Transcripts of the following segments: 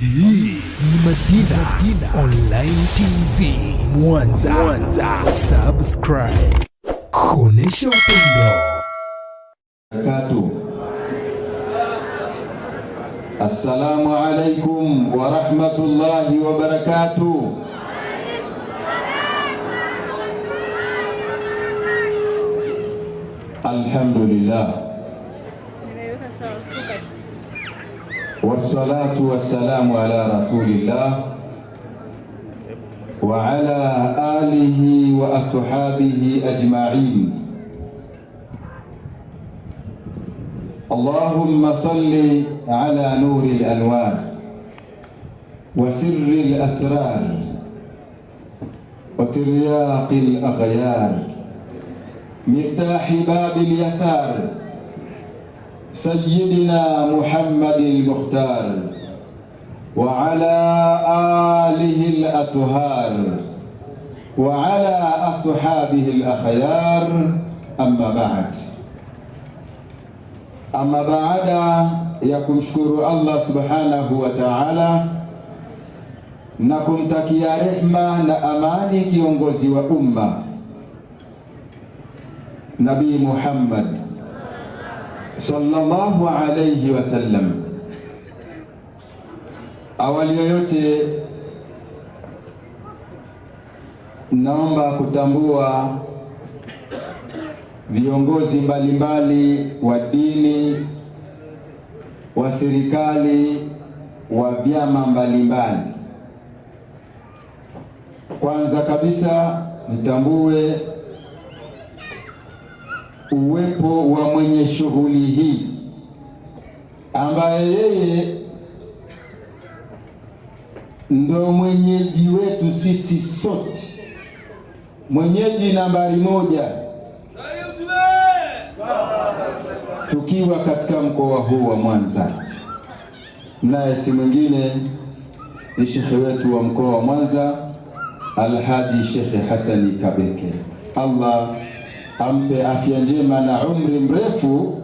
Hii ni Madina, Madina Online TV Mwanza. Mwanza. Subscribe. Kuonesha upendo. Assalamu alaikum wa rahmatullahi wa barakatuh. Alhamdulillah. والصلاة والسلام على رسول الله وعلى آله وأصحابه أجمعين اللهم صل على نور الأنوار وسر الأسرار وترياق الأغيار مفتاح باب اليسار سيدنا محمد المختار وعلى آله الأطهار وعلى أصحابه الأخيار أما بعد أما بعد ya kumshukuru Allah subhanahu wa ta'ala na kumtakia rehma na amani kiongozi wa umma Nabii Muhammad sallallahu alayhi wasallam. Awali yoyote naomba kutambua viongozi mbalimbali wa dini, wa serikali, wa vyama mbalimbali. Kwanza kabisa nitambue uwepo wa mwenye shughuli hii ambaye yeye ndo mwenyeji wetu sisi sote, mwenyeji nambari moja, tukiwa katika mkoa huu wa Mwanza. Mnaye si mwingine ni shekhe wetu wa mkoa wa Mwanza Alhaji Shekhe Hasani Kabeke. Allah ampe afya njema na umri mrefu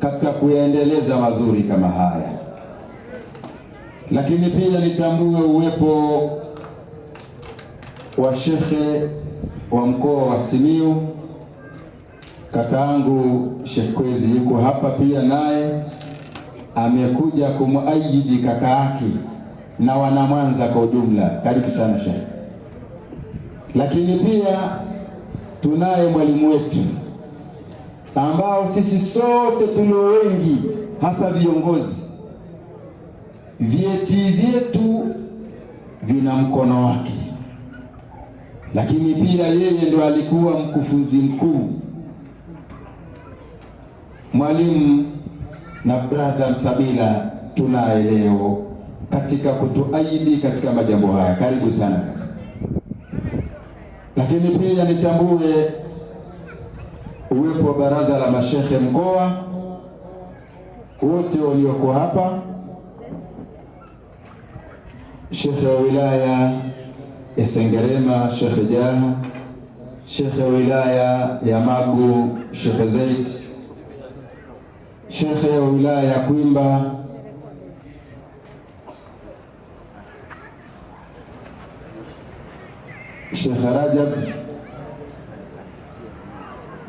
katika kuyaendeleza mazuri kama haya. Lakini pia nitambue uwepo wa shekhe wa mkoa wa Simiyu, kakaangu Sheikh Kwezi yuko hapa pia, naye amekuja kumuajidi kaka yake na wanamwanza kwa ujumla. Karibu sana shekhe. Lakini pia tunaye mwalimu wetu ambao sisi sote tulio wengi, hasa viongozi, vyeti vyetu vina mkono wake, lakini pia yeye ndo alikuwa mkufunzi mkuu. Mwalimu na brother Msabila tunaye leo katika kutuaidi katika majambo haya. Karibu sana. Lakini pia nitambue uwepo wa baraza la mashehe mkoa wote walioko hapa, shekhe wa wilaya ya Sengerema Shekhe Jaha, shekhe wa wilaya ya Magu Shekhe Zaid, shekhe wa wilaya ya Kwimba Sheikh Rajab,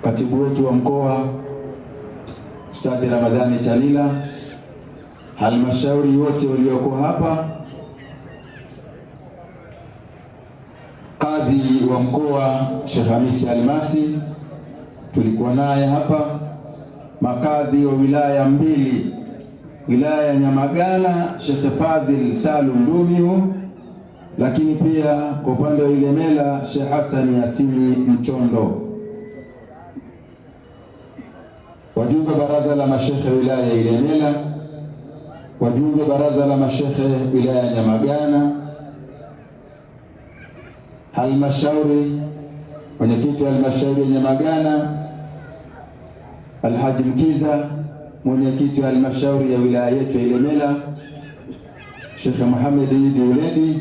katibu wetu wa mkoa Ustadhi Ramadhani Chalila, halmashauri wote walioko hapa, kadhi wa mkoa Sheikh Hamisi Almasi tulikuwa naye hapa, makadhi wa wilaya mbili, wilaya ya Nyamagana Sheikh Fadhil Salum Dumio lakini pia kwa upande wa Ilemela Sheikh Hassan Yasini Mchondo, wajumbe baraza la mashekhe wilaya ya Ilemela, wajumbe baraza la mashekhe wilaya ya Nyamagana, halmashauri, mwenyekiti wa halmashauri ya Nyamagana Alhaji Mkiza, mwenyekiti wa halmashauri ya wilaya yetu ya Ilemela Sheikh Muhammad Idi Uledi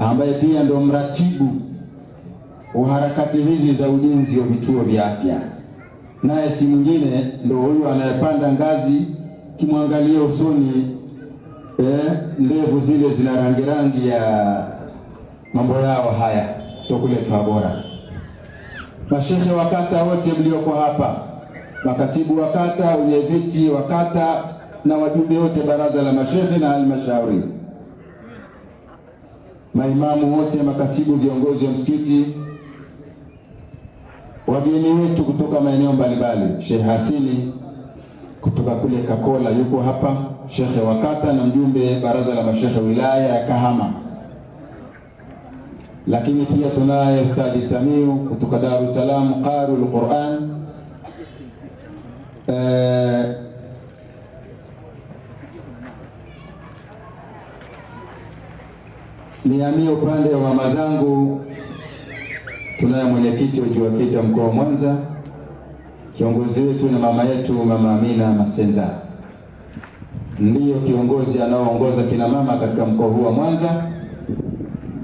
ambaye pia ndo mratibu wa harakati hizi za ujenzi wa vituo vya afya, naye si mwingine ndo huyu anayepanda ngazi. Kimwangalia usoni eh, ndevu zile zina rangi rangi ya mambo yao haya, tokule Tabora. Mashehe wa kata wote mlioko hapa, makatibu wa kata, viti wa kata na wajumbe wote baraza la mashehe na halmashauri maimamu wote, makatibu, viongozi wa msikiti, wageni wetu kutoka maeneo mbalimbali, Sheikh Hasini kutoka kule Kakola yuko hapa, shekhe wa kata na mjumbe baraza la mashekhe wilaya ya Kahama, lakini pia tunaye Ustadi Samiu kutoka Dar es Salaam, Qarul Quran eh, Nihamie upande wa mama zangu, tunaye mwenyekiti wa UKITA mkoa wa Mwanza, kiongozi wetu na mama yetu, mama Amina Masenza, ndiyo kiongozi anaoongoza kina mama katika mkoa huu wa Mwanza.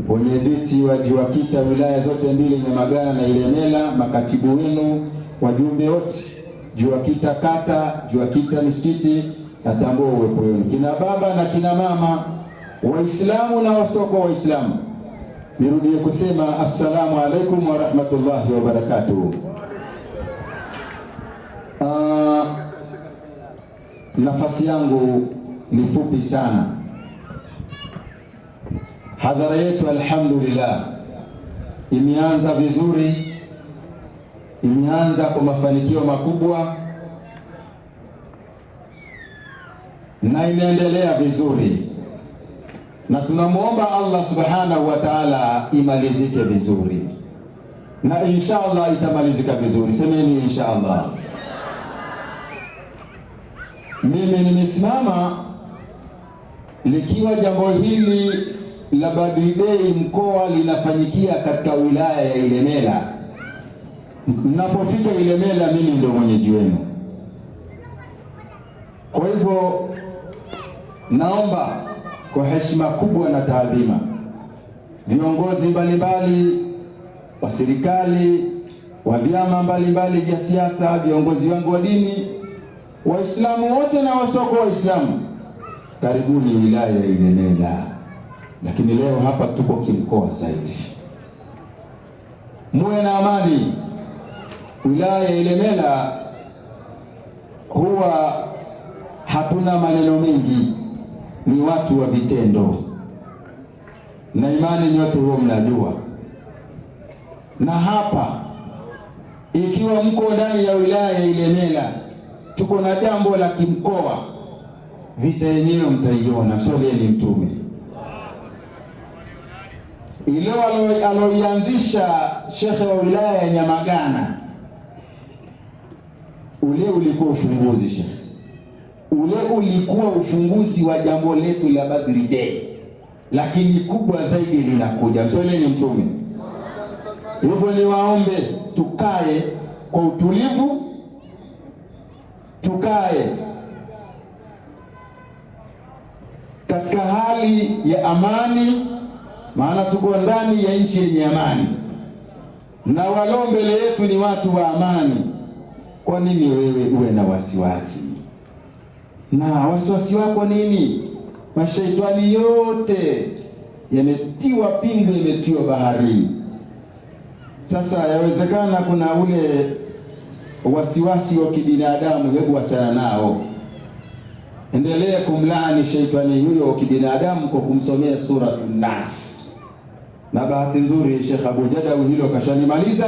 Wenyeviti wa UKITA wilaya zote mbili, Nyamagana na Ilemela, makatibu wenu, wajumbe wote UKITA kata, UKITA misikiti, natambua uwepo wenu kina baba na kina mama Waislamu na wasoko Waislamu, nirudie kusema assalamu alaikum warahmatullahi wabarakatuh. Uh, ah, nafasi yangu ni fupi sana. Hadhara yetu alhamdulillah imeanza vizuri, imeanza kwa mafanikio makubwa na imeendelea vizuri na tunamwomba Allah subhanahu wa ta'ala imalizike vizuri, na insha Allah itamalizika vizuri. Semeni insha Allah. Mimi nimesimama likiwa jambo hili la Badri Day mkoa linafanyikia katika wilaya ya Ilemela. Mnapofika Ilemela, mimi ndio mwenyeji wenu. Kwa hivyo naomba kwa heshima kubwa na taadhima. Viongozi mbalimbali wa serikali, wa vyama mbalimbali vya siasa, viongozi wangu wa dini, Waislamu wote na wasoko Waislamu, karibuni wilaya ya Ilemela. Lakini leo hapa tuko kimkoa zaidi, muwe na amani. Wilaya ya Ilemela huwa hatuna maneno mengi ni watu wa vitendo, na imani nyote huo mnajua. Na hapa ikiwa mko ndani ya wilaya ya Ilemela, tuko na jambo la kimkoa, vita yenyewe mtaiona, msolieni Mtume. Ile aloianzisha shekhe wa wilaya ya Nyamagana, ule ulikuwa ufunguzi shekhe ule ulikuwa ufunguzi wa jambo letu la Badri Day, lakini kubwa zaidi linakuja. Mswaleni Mtume. Hivyo niwaombe tukae kwa utulivu, tukae katika hali ya amani, maana tuko ndani ya nchi yenye amani, na walio mbele yetu ni watu wa amani. Kwa nini wewe uwe na wasiwasi? na wasiwasi wako nini? Mashaitani yote yametiwa pingu, yametiwa baharini. Sasa yawezekana kuna ule wasiwasi wa kibinadamu, hebu wachana nao, endelea kumlaani shaitani huyo wa kibinadamu kwa kumsomea Suratu Nas. Na bahati nzuri Sheikh Abu Jadawi hilo kashalimaliza,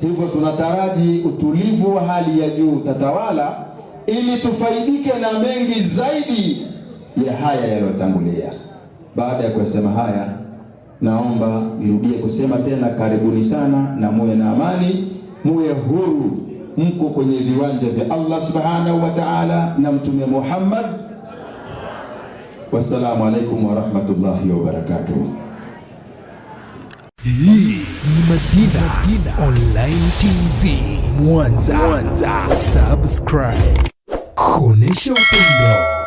hivyo tunataraji utulivu wa hali ya juu utatawala ili tufaidike na mengi zaidi ya haya yaliyotangulia. Baada ya kuyasema haya, naomba nirudie kusema tena, karibuni sana na muwe na amani, muwe huru, mko kwenye viwanja vya Allah subhanahu wa ta'ala na Mtume Muhammad. Wassalamu alaikum warahmatullahi wabarakatuh. Hii ni Madina Online TV Mwanza. Subscribe. Conexión Pinball.